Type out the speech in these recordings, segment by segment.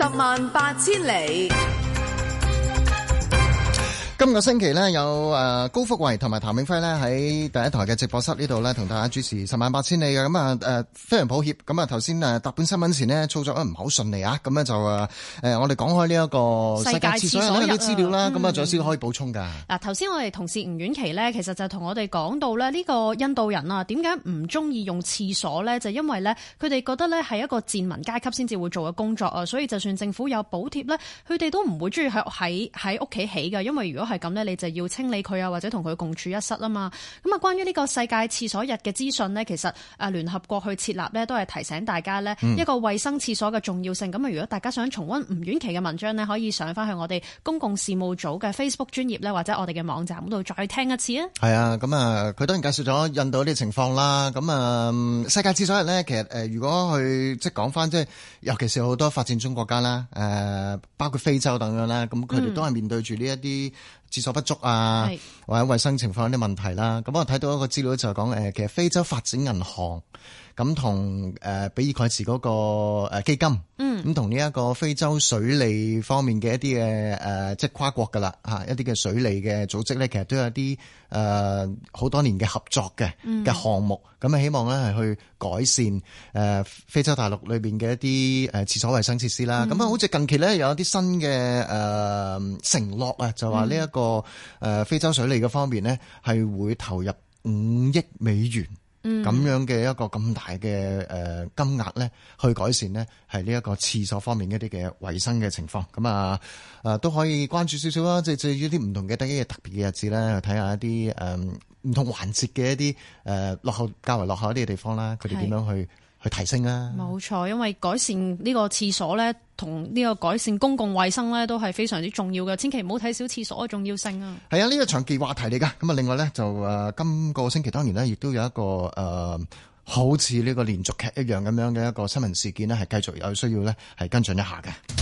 十萬八千里。今個星期呢，有誒高福維同埋譚永輝呢，喺第一台嘅直播室呢度呢，同大家主持十萬八千里嘅咁啊誒非常抱歉咁啊頭先誒搭本新聞前呢，操作得唔好順利啊咁呢，就誒誒我哋講開呢一個世界廁所、啊嗯、有啲資料啦咁啊仲有啲可以補充噶嗱頭先我哋同事吳婉琪呢，其實就同我哋講到呢，呢、這個印度人啊點解唔中意用廁所呢？就是、因為呢，佢哋覺得呢，係一個賤民階級先至會做嘅工作啊所以就算政府有補貼呢，佢哋都唔會中意喺喺喺屋企起嘅因為如果係咁呢，你就要清理佢啊，或者同佢共處一室啊嘛。咁啊，關於呢個世界廁所日嘅資訊呢，其實啊，聯合國去設立呢，都係提醒大家呢，一個衛生廁所嘅重要性。咁啊，如果大家想重温吳婉琪嘅文章呢，可以上翻去我哋公共事務組嘅 Facebook 專頁呢，或者我哋嘅網站嗰度再聽一次啊。係、嗯、啊，咁啊，佢當然介紹咗印度呢啲情況啦。咁、嗯、啊，世界廁所日呢，其實、呃、如果去即係講翻，即、係、尤其是好多發展中國家啦、呃，包括非洲等樣啦，咁佢哋都係面對住呢一啲。廁所不足啊，或者衞生情況有啲問題啦。咁是我睇到一個資料就係講，誒，其實非洲發展銀行。咁同誒比爾蓋茨嗰個誒基金，嗯，咁同呢一個非洲水利方面嘅一啲嘅誒，即跨國㗎啦一啲嘅水利嘅組織咧，其實都有一啲誒好多年嘅合作嘅嘅項目，咁啊希望咧係去改善誒非洲大陸裏面嘅一啲誒廁所衛生設施啦。咁啊，好似近期咧有一啲新嘅誒承諾啊，就話呢一個誒非洲水利嘅方面咧，係會投入五億美元。咁、嗯、樣嘅一個咁大嘅誒金額咧，去改善咧，係呢一個廁所方面一啲嘅衛生嘅情況。咁啊，啊，都可以關注少少啦。即係至於啲唔同嘅特一嘅特別嘅日子咧，去睇下一啲誒唔同環節嘅一啲誒落後較為落後一啲嘅地方啦，佢哋點樣去？提升啊！冇錯，因為改善呢個廁所咧，同呢個改善公共衛生咧，都係非常之重要嘅。千祈唔好睇小廁所嘅重要性啊！係啊，呢個長期話題嚟㗎。咁啊，另外咧就誒今個星期當然咧，亦都有一個誒、呃、好似呢個連續劇一樣咁樣嘅一個新聞事件呢，係繼續有需要咧係跟進一下嘅。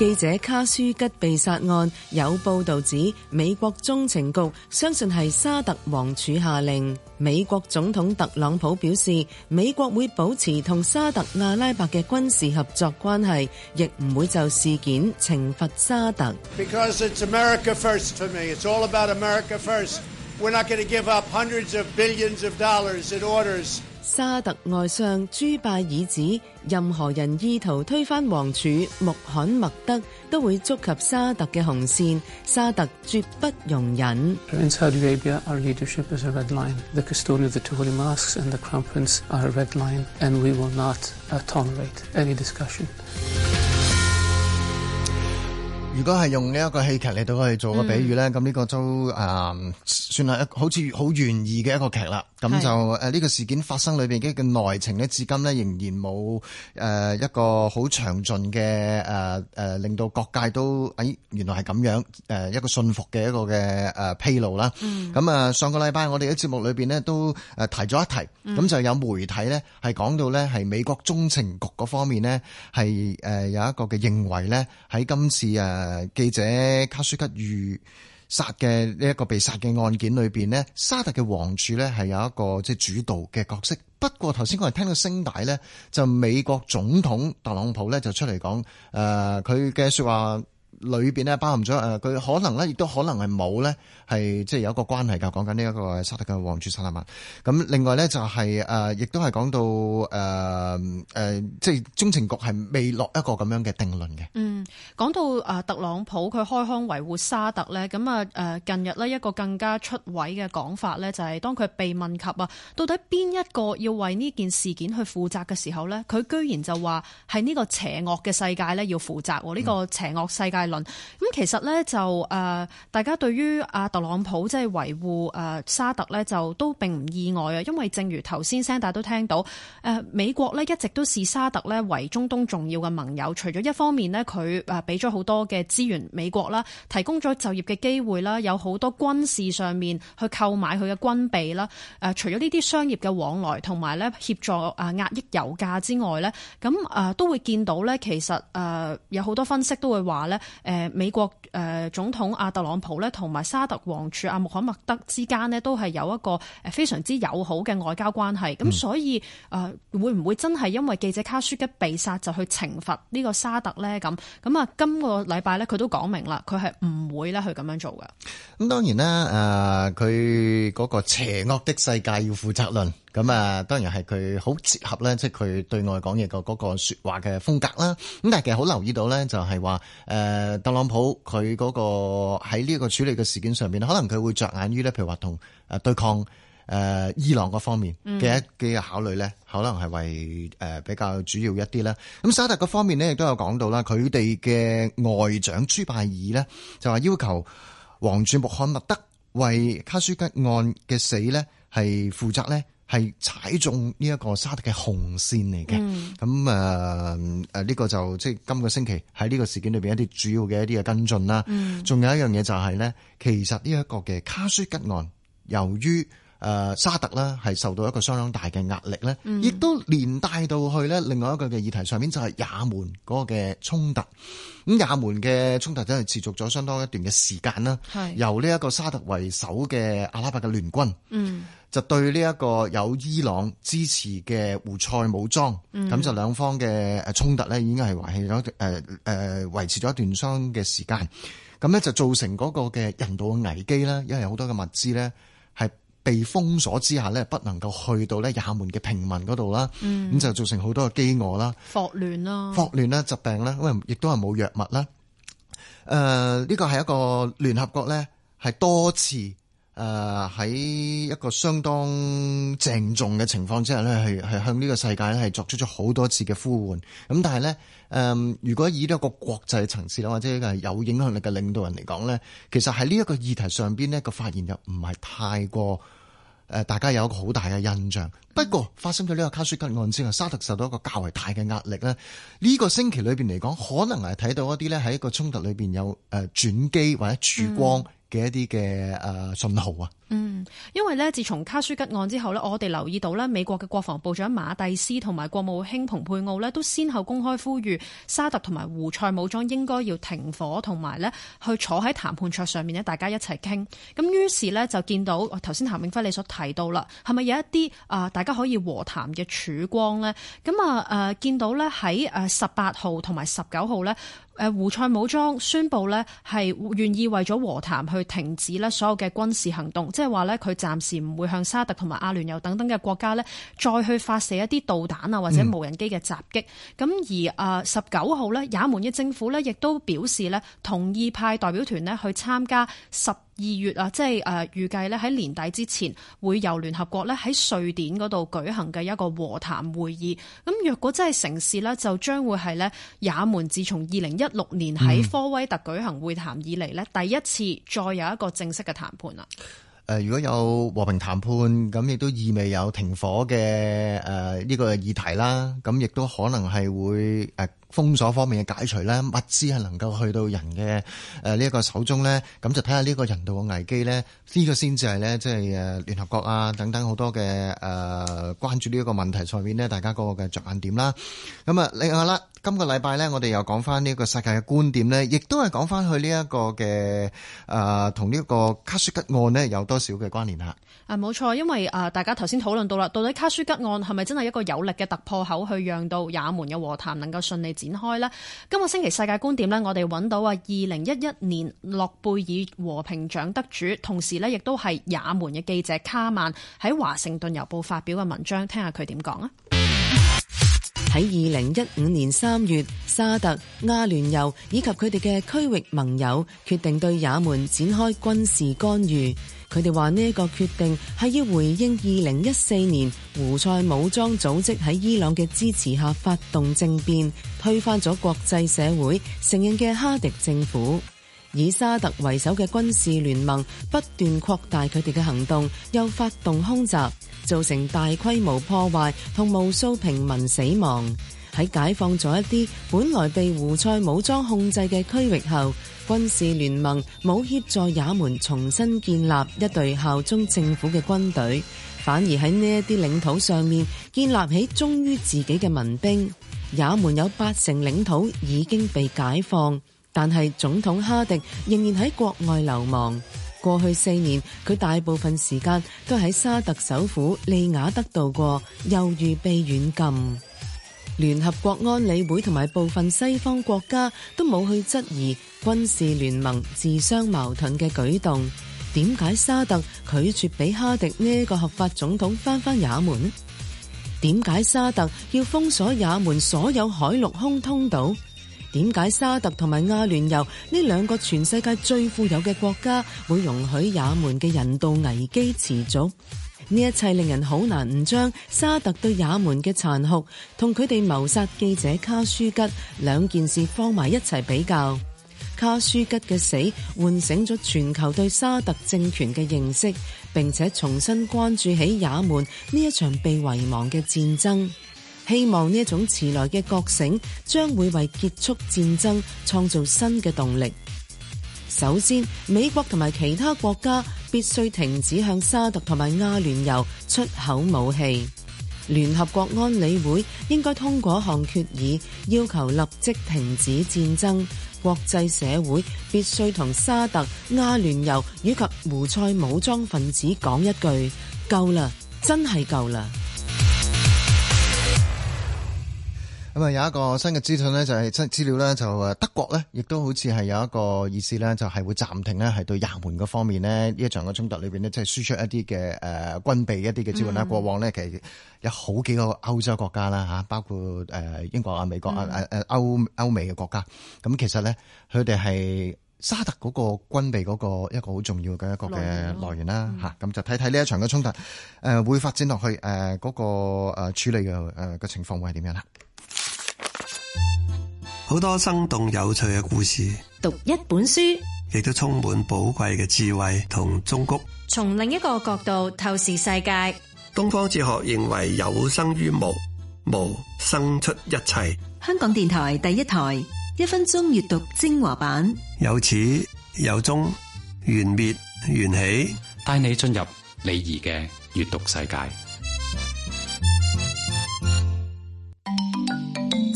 記者卡舒吉被殺案有報道指，美國中情局相信係沙特王儲下令。美國總統特朗普表示，美國會保持同沙特阿拉伯嘅軍事合作關係，亦唔會就事件懲罰沙特。Because it's America first. To me it's all about America first. We're not going to give up hundreds of billions of dollars in orders. 沙特外相朱拜爾指，任何人意圖推翻王儲穆罕默德都會觸及沙特嘅紅線，沙特絕不容忍。如果係用呢一個戲劇嚟到去做個比喻咧，咁呢、嗯、個都誒、呃、算係好似好懸疑嘅一個劇啦。咁是就呢、呃呢個事件發生裏面嘅內情呢，至今呢仍然冇誒、呃、一個好詳盡嘅誒、呃、令到各界都誒、欸、原來係咁樣誒、呃、一個信服嘅一個嘅誒、呃、披露啦。咁啊、嗯，上個禮拜我哋喺節目裏面呢都提咗一提，咁、嗯、就有媒體呢係講到呢係美國中情局嗰方面呢係、呃、有一個嘅認為呢，喺今次、呃誒，記者卡舒吉遇殺嘅呢一個被殺嘅案件裏邊呢，沙特嘅王儲咧係有一個即係主導嘅角色。不過頭先我哋聽到聲帶咧，就美國總統特朗普咧就出嚟講，誒佢嘅說話。裏邊咧包含咗誒，佢、呃、可能咧，亦都可能係冇呢，係即係有一個關係㗎。講緊呢一個沙特嘅王儲薩勒曼。咁另外呢，就係、是、誒，亦、呃、都係講到誒誒、呃呃，即係中情局係未落一個咁樣嘅定論嘅。嗯，講到誒特朗普佢開腔維護沙特呢。咁啊誒近日呢，一個更加出位嘅講法呢，就係當佢被問及啊，到底邊一個要為呢件事件去負責嘅時候呢，佢居然就話係呢個邪惡嘅世界呢，要負責喎。呢、這個邪惡世界。咁其實呢，就誒，大家對於特朗普即係維護誒沙特呢，就都並唔意外啊。因為正如頭先聲，大家都聽到誒，美國呢一直都視沙特呢為中東重要嘅盟友。除咗一方面呢，佢誒俾咗好多嘅資源，美國啦提供咗就業嘅機會啦，有好多軍事上面去購買佢嘅軍備啦。誒，除咗呢啲商業嘅往來同埋呢協助啊，壓抑油價之外呢，咁誒都會見到呢，其實誒有好多分析都會話呢。誒、呃、美國誒總統阿特朗普咧，同埋沙特王儲阿穆罕默德之間呢都係有一個非常之友好嘅外交關係。咁、嗯嗯、所以誒、呃，會唔會真係因為記者卡舒吉被殺就去懲罰呢個沙特呢？咁咁啊，今個禮拜咧，佢都講明啦，佢係唔會咧去咁樣做嘅。咁當然啦，誒佢嗰個邪惡的世界要負責論，咁啊當然係佢好結合咧，即係佢對外講嘢個嗰個説話嘅風格啦。咁但係其實好留意到咧，就係話誒。特朗普佢嗰個喺呢個處理嘅事件上邊，可能佢會着眼於咧，譬如話同誒對抗誒伊朗嗰方面嘅一嘅考慮咧，可能係、嗯、為誒比較主要一啲啦，咁沙特嗰方面咧，亦都有講到啦，佢哋嘅外長朱拜爾咧就話要求王儲穆罕默德為卡舒吉案嘅死咧係負責咧。係踩中呢一個沙特嘅紅線嚟嘅，咁誒呢個就即係今個星期喺呢個事件裏面一啲主要嘅一啲嘅跟進啦。仲、嗯、有一樣嘢就係、是、咧，其實呢一個嘅卡舒吉案，由於、呃、沙特啦係受到一個相當大嘅壓力咧，亦、嗯、都連帶到去咧另外一個嘅議題上面就係也門嗰個嘅衝突。咁也門嘅衝突真係持續咗相當一段嘅時間啦。是由呢一個沙特為首嘅阿拉伯嘅聯軍。嗯。就對呢一個有伊朗支持嘅胡塞武裝，咁、嗯、就兩方嘅誒衝突咧，已經係維係咗誒誒維持咗一段相嘅時間。咁咧就造成嗰個嘅人道嘅危機啦，因為有好多嘅物資咧係被封鎖之下咧，不能夠去到咧也門嘅平民嗰度啦。咁、嗯、就造成好多嘅飢餓啦、霍亂啦、啊、霍亂啦、疾病啦，因為亦都係冇藥物啦。誒、呃，呢、這個係一個聯合國咧，係多次。誒，喺、呃、一個相當鄭重嘅情況之下咧，係係向呢個世界咧係作出咗好多次嘅呼喚。咁但係咧，誒、呃，如果以一個國際層次或者係有影響力嘅領導人嚟講咧，其實喺呢一個議題上邊呢個發言又唔係太過誒、呃，大家有一個好大嘅印象。不過發生咗呢個卡舒吉案之後，沙特受到一個較為大嘅壓力咧，呢、這個星期裏邊嚟講，可能係睇到一啲咧喺一個衝突裏邊有誒轉機或者曙光。嗯嘅一啲嘅信號啊，嗯，因為呢，自從卡舒吉案之後呢，我哋留意到呢美國嘅國防部長馬蒂斯同埋國務卿蓬佩奧呢，都先後公開呼籲沙特同埋胡塞武裝應該要停火，同埋呢去坐喺談判桌上面呢，大家一齊傾。咁於是呢，就見到頭先譚永輝你所提到啦，係咪有一啲啊大家可以和談嘅曙光呢？咁啊誒，見到呢喺誒十八號同埋十九號呢。誒胡塞武裝宣布呢係願意為咗和談去停止呢所有嘅軍事行動，即係話呢佢暫時唔會向沙特同埋阿聯酋等等嘅國家呢再去發射一啲導彈啊或者無人機嘅襲擊。咁、嗯、而啊十九號呢也門嘅政府呢亦都表示呢同意派代表團呢去參加十二月啊，即係誒預計咧喺年底之前會由聯合國咧喺瑞典嗰度舉行嘅一個和談會議。咁若果真係成事咧，就將會係咧也門自從二零一六年喺科威特舉行會談以嚟咧、嗯、第一次再有一個正式嘅談判啦。誒、呃，如果有和平談判，咁亦都意味有停火嘅誒呢個議題啦。咁亦都可能係會誒。呃封鎖方面嘅解除咧，物資係能夠去到人嘅誒呢一個手中咧，咁就睇下呢個人道嘅危機咧，呢、呢個先至係咧即係誒聯合國啊等等好多嘅誒關注呢一個問題上面咧，大家嗰個嘅着眼點啦。咁啊，另外啦，今個禮拜咧，我哋又講翻呢一個世界嘅觀點咧，亦都係講翻去呢一個嘅誒同呢一個卡舒吉案呢有多少嘅關聯啊？冇錯，因為啊，大家頭先討論到啦，到底卡舒吉案係咪真係一個有力嘅突破口，去讓到也門嘅和談能夠順利展開呢？今個星期世界觀點呢，我哋揾到啊，二零一一年諾貝爾和平獎得主，同時呢亦都係也門嘅記者卡曼喺華盛頓郵報發表嘅文章，聽下佢點講啊！喺二零一五年三月，沙特、阿聯酋以及佢哋嘅區域盟友決定對也門展開軍事干預。佢哋話：呢一個決定係要回應二零一四年胡塞武裝組織喺伊朗嘅支持下發動政變，推翻咗國際社會承認嘅哈迪政府。以沙特為首嘅軍事聯盟不斷擴大佢哋嘅行動，又發動空襲，造成大規模破壞同無數平民死亡。喺解放咗一啲本來被胡塞武裝控制嘅區域後，軍事聯盟冇協助也門重新建立一隊效忠政府嘅軍隊，反而喺呢一啲領土上面建立起忠於自己嘅民兵。也門有八成領土已經被解放，但係總統哈迪仍然喺國外流亡。過去四年，佢大部分時間都喺沙特首府利雅得度過，又如被軟禁。聯合國安理會同埋部分西方國家都冇去質疑。軍事聯盟自相矛盾嘅舉動，點解沙特拒絕俾哈迪呢個合法總統翻返回也門？點解沙特要封鎖也門所有海陸空通道？點解沙特同埋阿聯酋呢兩個全世界最富有嘅國家會容許也門嘅人道危機持續？呢一切令人好難唔將沙特對也門嘅殘酷同佢哋謀殺記者卡舒吉兩件事放埋一齊比較。卡舒吉嘅死喚醒咗全球對沙特政權嘅認識，並且重新關注起也門呢一場被遺忘嘅戰爭。希望呢一種遲來嘅覺醒將會為結束戰爭創造新嘅動力。首先，美國同埋其他國家必須停止向沙特同埋阿聯酋出口武器。聯合國安理會應該通過一項決議，要求立即停止戰爭。國際社會必須同沙特、阿聯酋以及胡塞武裝分子講一句：夠啦，真係夠啦！咁啊，有一個新嘅資訊咧，就係、是、新資料咧，就誒德國咧，亦都好似係有一個意思咧，就係、是、會暫停咧，係對也門個方面呢。呢一場嘅衝突裏邊呢，即、就、係、是、輸出一啲嘅誒軍備一啲嘅資料啦。過往咧，其實有好幾個歐洲國家啦，吓包括誒、呃、英國啊、美國、嗯、啊、誒、啊、誒歐歐美嘅國家。咁其實咧，佢哋係沙特嗰個軍備嗰個一個好重要嘅一個嘅來源啦。吓咁源、嗯啊、就睇睇呢一場嘅衝突誒、呃、會發展落去誒嗰、呃那個誒處理嘅誒、呃、情況會係點樣啦。好多生動有趣嘅故事，讀一本書亦都充滿寶貴嘅智慧同忠告，從另一個角度透視世界。東方哲學認為有生於無，無生出一切。香港電台第一台一分鐘閱讀精華版，有始有終，緣滅緣起，帶你進入李怡嘅閱讀世界。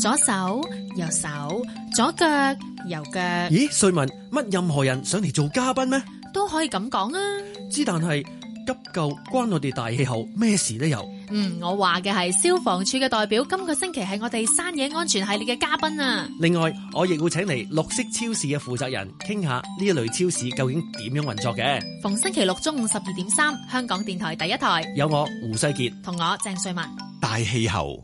左手。右手、左腳、右腳。咦，瑞文，乜任何人想嚟做嘉賓咩？都可以咁講啊！之但係急救關我哋大氣候咩事都有。嗯，我話嘅係消防處嘅代表，今個星期係我哋山野安全系列嘅嘉賓啊！另外，我亦會請嚟綠色超市嘅負責人，傾下呢一類超市究竟點樣運作嘅。逢星期六中午十二點三，香港電台第一台，有我胡世杰，同我鄭瑞文，大氣候。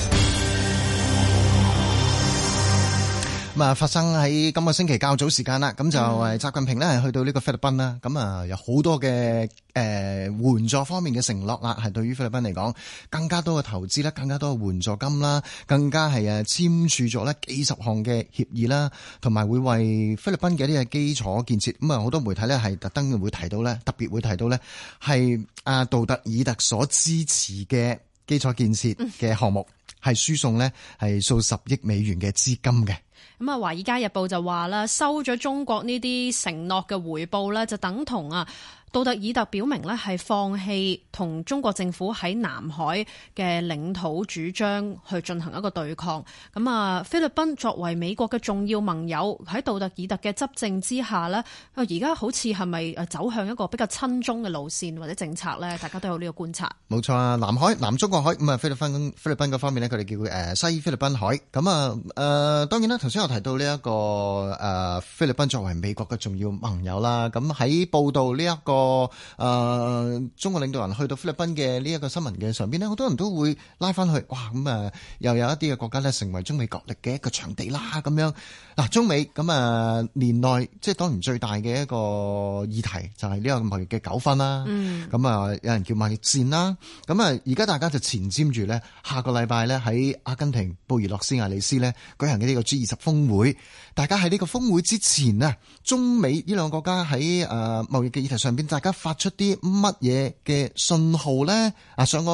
啊！發生喺今個星期較早時間啦，咁就係習近平呢，去到呢個菲律賓啦。咁啊，有好多嘅誒援助方面嘅承諾啦，係對於菲律賓嚟講更加多嘅投資啦，更加多嘅援助金啦，更加係誒簽署咗呢幾十項嘅協議啦，同埋會為菲律賓嘅一啲嘅基礎建設。咁啊，好多媒體呢，係特登會提到咧，特別會提到咧係阿杜特爾特所支持嘅基礎建設嘅項目，係、嗯、輸送呢，係數十億美元嘅資金嘅。咁啊，《華爾街日報》就話啦，收咗中國呢啲承諾嘅回報啦，就等同啊。杜特爾特表明呢，係放棄同中國政府喺南海嘅領土主張去進行一個對抗。咁啊，菲律賓作為美國嘅重要盟友，喺杜特爾特嘅執政之下呢，啊而家好似係咪誒走向一個比較親中嘅路線或者政策咧？大家都有呢個觀察。冇錯啊，南海、南中國海咁啊、嗯、菲律賓菲律賓嗰方面咧，佢哋叫佢誒西菲律賓海。咁啊誒當然啦，頭先我提到呢、這、一個誒、呃、菲律賓作為美國嘅重要盟友啦。咁喺報道呢、這、一個。個誒、呃，中國領導人去到菲律賓嘅呢一個新聞嘅上邊咧，好多人都會拉翻去，哇！咁啊，又有一啲嘅國家咧，成為中美角力嘅一個場地啦，咁樣嗱。中美咁啊，年內即係當然最大嘅一個議題就係、是、呢個貿易嘅糾紛啦。咁啊、嗯，有人叫貿易戰啦。咁啊，而家大家就前瞻住呢，下個禮拜呢，喺阿根廷布宜諾斯亞利斯呢舉行嘅呢個 G 二十峰會。大家喺呢個峰會之前呢，中美呢兩個國家喺誒貿易嘅議題上邊。大家發出啲乜嘢嘅信號咧？啊，上個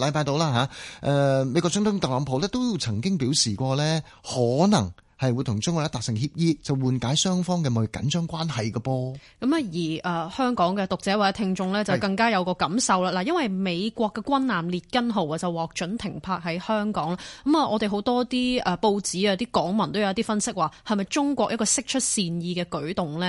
禮拜到啦吓誒美國總統特朗普咧都曾經表示過咧，可能。係會同中國咧達成協議，就緩解雙方嘅貿易緊張關係嘅噃。咁啊，而、呃、誒香港嘅讀者或者聽衆呢，就更加有個感受啦。嗱是，因爲美國嘅軍艦列根號啊，就獲准停泊喺香港啦。咁、嗯、啊，我哋好多啲誒報紙啊，啲港文都有啲分析話，係咪中國一個釋出善意嘅舉動呢？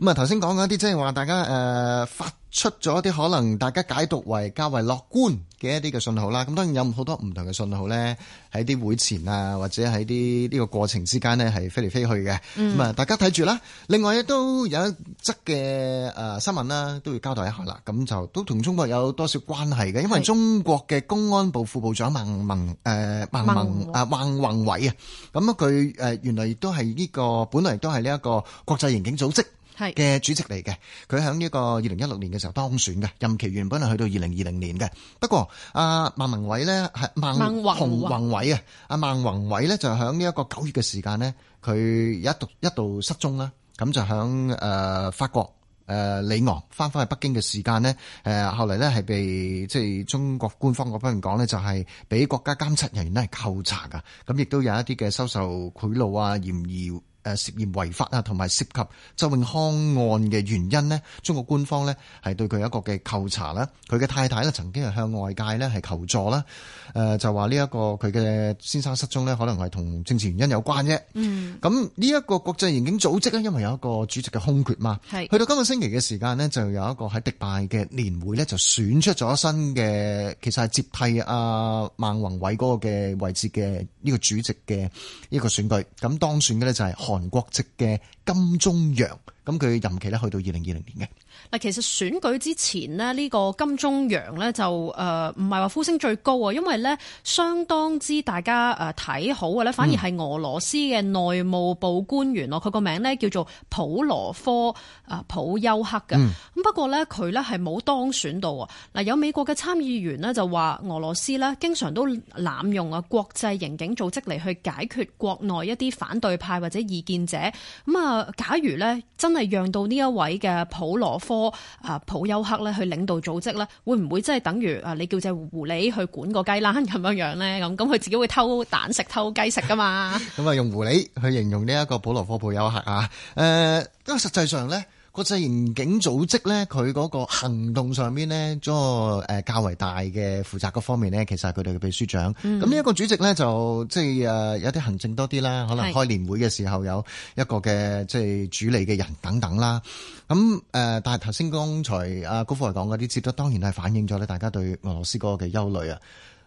咁啊、嗯，頭先講嗰啲即係話大家誒發。呃出咗一啲可能大家解讀為較為樂觀嘅一啲嘅信號啦，咁當然有好多唔同嘅信號咧，喺啲會前啊，或者喺啲呢個過程之間咧，係飛嚟飛去嘅。咁啊，大家睇住啦。另外亦都有一則嘅誒新聞啦，都要交代一下啦。咁就都同中國有多少關係嘅？因為中國嘅公安部副部長孟孟誒孟孟啊孟宏偉啊，咁啊佢誒原來亦都係呢個本來亦都係呢一個國際刑警組織係嘅主席嚟嘅，佢喺呢個二零一六年嘅時候當選嘅，任期原本係去到二零二零年嘅。不過阿孟宏偉咧，孟宏宏偉啊，阿孟宏偉咧就喺呢一個九月嘅時間咧，佢一度一度失蹤啦。咁就喺誒法國誒里昂翻返去北京嘅時間咧，誒後嚟咧係被即係中國官方嗰方面講咧，就係俾國家監察人員咧係扣查噶，咁亦都有一啲嘅收受賄賂啊，嫌疑。誒涉嫌違法啊，同埋涉及周永康案嘅原因呢，中國官方呢係對佢有一個嘅扣查啦。佢嘅太太咧曾經係向外界咧係求助啦。誒、呃、就話呢一個佢嘅先生失蹤呢可能係同政治原因有關啫。嗯，咁呢一個國際刑警組織咧，因為有一個主席嘅空缺嘛，係是去到今個星期嘅時間呢，就有一個喺迪拜嘅年會呢就選出咗新嘅，其實係接替阿、啊、孟宏偉嗰個嘅位置嘅呢個主席嘅一個選舉。咁當選嘅呢就係。韓國籍嘅。金中陽，咁佢任期咧去到二零二零年嘅。嗱，其實選舉之前咧，呢、呢個金中陽咧就誒唔係話呼聲最高啊，因為咧相當之大家誒睇好嘅咧，反而係俄羅斯嘅內務部官員咯。佢個、嗯、名咧叫做普羅科啊普丘克嘅。咁、嗯、不過咧，佢咧係冇當選到。嗱，有美國嘅參議員咧就話俄羅斯咧經常都濫用啊國際刑警組織嚟去解決國內一啲反對派或者異見者咁啊。嗯誒，假如咧真係讓到呢一位嘅普羅科啊普丘克咧去領導組織咧，會唔會真係等於你叫隻狐狸去管個雞欄咁樣樣咧？咁咁佢自己會偷蛋食偷雞食噶嘛？咁啊 用狐狸去形容呢一個普羅科普丘克啊？誒、呃，咁實際上咧。國際刑警組織咧，佢嗰個行動上面呢，嗰個誒較為大嘅負責嗰方面呢，其實係佢哋嘅秘書長。咁呢一個主席呢，就即係誒有啲行政多啲啦，可能開年會嘅時候有一個嘅即係主理嘅人等等啦。咁誒是，但係頭先剛才阿高科係講嗰啲，接得當然係反映咗咧，大家對俄羅斯嗰個嘅憂慮啊。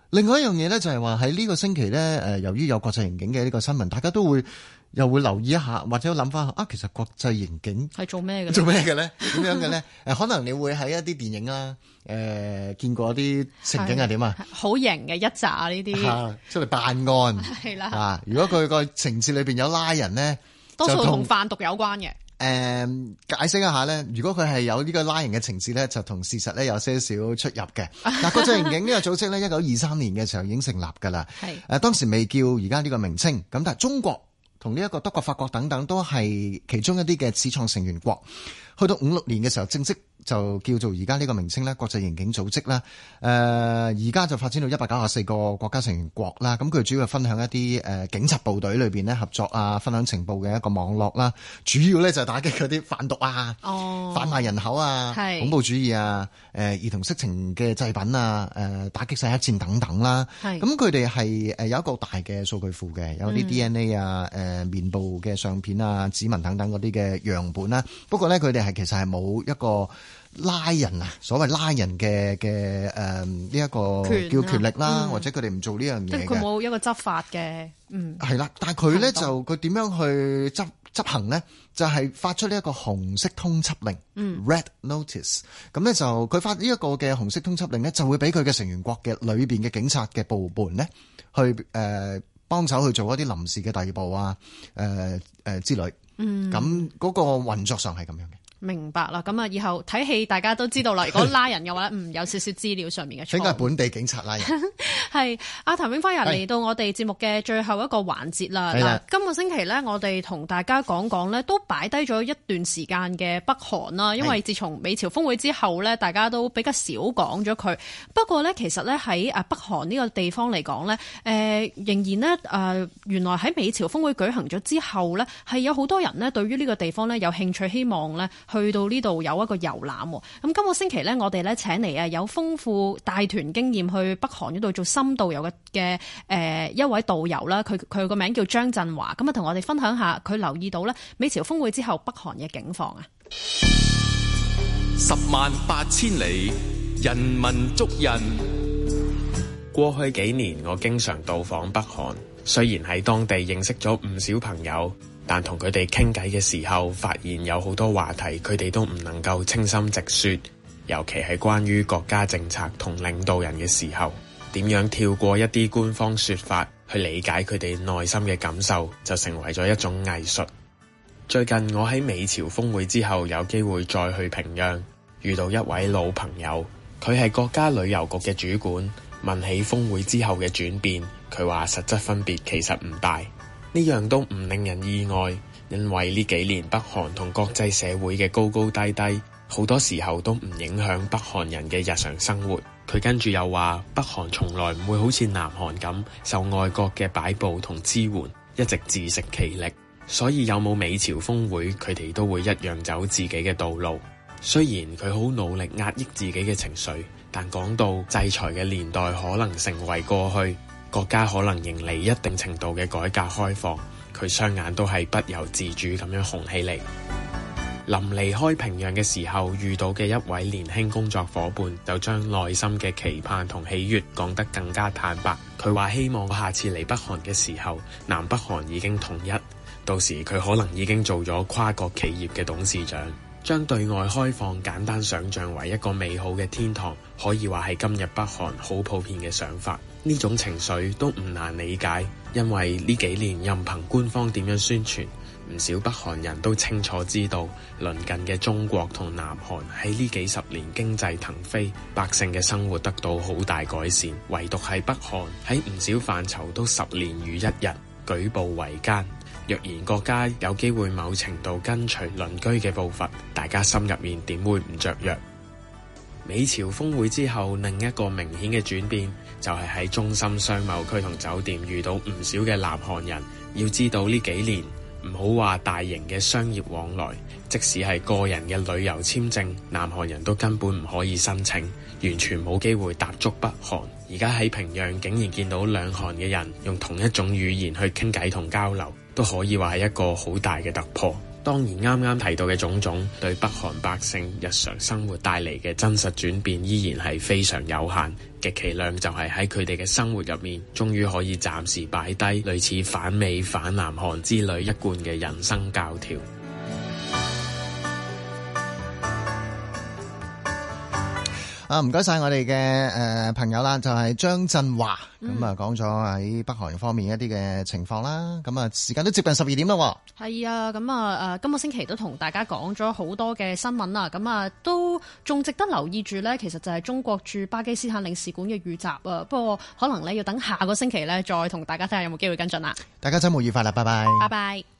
另外一樣嘢呢，就係話喺呢個星期呢，由於有國際刑警嘅呢個新聞，大家都會。又會留意一下，或者諗翻下啊，其實國際刑警係做咩嘅？做咩嘅咧？點樣嘅咧？誒， 可能你會喺一啲電影啦，誒、呃，見過啲情景係點啊？好型嘅一集啊！呢啲出嚟辦案係啦的啊！如果佢個情節裏邊有拉人咧，的多數同跟販毒有關嘅誒、嗯。解釋一下咧，如果佢係有呢個拉人嘅情節咧，就同事實咧有些少出入嘅。 國際刑警呢個組織咧，一九二三年嘅時候已經成立㗎啦。係誒的、啊，當時未叫而家呢個名稱咁，但係中國。同呢一個德國、法國等等，都係其中一啲嘅始創成員國。去到五六年嘅時候，正式，就叫做而家呢個名稱咧，國際刑警組織啦，誒而家就發展到一百九十四個國家成員國啦。咁佢主要係分享一啲誒警察部隊裏邊咧合作啊，分享情報嘅一個網絡啦。主要咧就係打擊佢啲販毒啊、哦、販賣人口啊、是恐怖主義啊、誒兒童色情嘅製品啊、誒打擊洗黑錢等等啦。咁佢哋係有一個大嘅數據庫嘅，有啲 DNA 啊、誒、嗯呃、面部嘅相片啊、指紋等等嗰啲嘅樣本啦、啊。不過咧，佢哋係其實係冇一個拉人啊，所謂拉人嘅嘅、誒呢一個叫權力啦，或者佢哋唔做呢樣嘢嘅。即係佢冇一個執法嘅，嗯。係啦，但係佢咧就佢點樣去執執行咧，就係發出呢一個紅色通緝令，嗯，red notice。咁咧就佢發呢一個嘅紅色通緝令咧，就會俾佢嘅成員國嘅裏邊嘅警察嘅部門咧，去誒幫手去做一啲臨時嘅逮捕啊，誒誒之類。嗯。咁嗰個運作上係咁樣嘅。明白啦，咁啊，以後睇戲大家都知道啦。如果拉人嘅話，嗯， 有少少資料上面嘅錯，應該係本地警察拉人。係阿譚永輝又嚟到我哋節目嘅最後一個環節啦。嗱的，今個星期呢，我哋同大家講講呢，都擺低咗一段時間嘅北韓啦，因為自從美朝峰會之後呢，大家都比較少講咗佢。不過呢，其實呢，喺啊北韓呢個地方嚟講呢，誒、呃、仍然呢，誒、呃，原來喺美朝峰會舉行咗之後呢，係有好多人呢對於呢個地方呢，有興趣，希望呢。去到呢度有一個遊覽，咁今個星期呢，我哋呢請嚟啊有豐富帶團經驗去北韓嗰度做深度遊嘅嘅誒一位導遊啦，佢佢個名叫張振華，咁啊同我哋分享下佢留意到呢美朝峰會之後北韓嘅境況啊！十萬八千里人文足印。過去幾年我經常到訪北韓，雖然喺當地認識咗唔少朋友。但同佢哋傾偈嘅時候，發現有好多話題，佢哋都唔能夠清心直說，尤其係關於國家政策同領導人嘅時候，點樣跳過一啲官方說法去理解佢哋內心嘅感受，就成為咗一種藝術。最近我喺美朝峰會之後有機會再去平壤，遇到一位老朋友，佢係國家旅遊局嘅主管。問起峰會之後嘅轉變，佢話實質分別其實唔大。呢樣都唔令人意外，因為呢幾年北韓同國際社會嘅高高低低，好多時候都唔影響北韓人嘅日常生活。佢跟住又話，北韓從來唔會好似南韓咁受外國嘅擺布同支援，一直自食其力。所以有冇美朝峰會，佢哋都會一樣走自己嘅道路。雖然佢好努力壓抑自己嘅情緒，但講到制裁嘅年代可能成為過去，國家可能迎嚟一定程度嘅改革開放，佢雙眼都係不由自主咁樣紅起嚟。臨離開平壤嘅時候，遇到嘅一位年輕工作伙伴就將內心嘅期盼同喜悅講得更加坦白。佢話：希望下次嚟北韓嘅時候，南北韓已經統一，到時佢可能已經做咗跨國企業嘅董事長，將對外開放簡單想像為一個美好嘅天堂。可以話係今日北韓好普遍嘅想法。呢種情緒都唔難理解，因為呢幾年任憑官方點樣宣傳，唔少北韓人都清楚知道鄰近嘅中國同南韓喺呢幾十年經濟騰飛，百姓嘅生活得到好大改善。唯獨係北韓喺唔少範疇都十年如一日舉步維艱。若然國家有機會某程度跟隨鄰居嘅步伐，大家心入面點會唔雀躍？美朝峰會之後，另一個明顯嘅轉變。就係喺中心商貿區同酒店遇到唔少嘅南韓人，要知道呢幾年唔好話大型嘅商業往來，即使係個人嘅旅遊簽證，南韓人都根本唔可以申請，完全冇機會踏足北韓，而家喺平壤竟然見到兩韓嘅人用同一種語言去傾偈同交流，都可以話係一個好大嘅突破。當然，啱啱提到嘅種種對北韓百姓日常生活帶嚟嘅真實轉變，依然係非常有限。極其量就係喺佢哋嘅生活入面，終於可以暫時擺低類似反美、反南韓之類一貫嘅人生教條。啊，唔該晒我哋嘅誒朋友啦，就係、是、張振華咁啊，講咗喺北韓方面一啲嘅情況啦。咁啊，時間都接近十二點啦，喎係啊，咁啊誒，今個星期都同大家講咗好多嘅新聞啦。咁啊，都仲值得留意住呢。其實就係中國駐巴基斯坦領事館嘅遇襲啊。不過可能呢要等下個星期呢，再同大家睇下有冇機會跟進啦。大家週末愉快啦，拜拜，拜拜。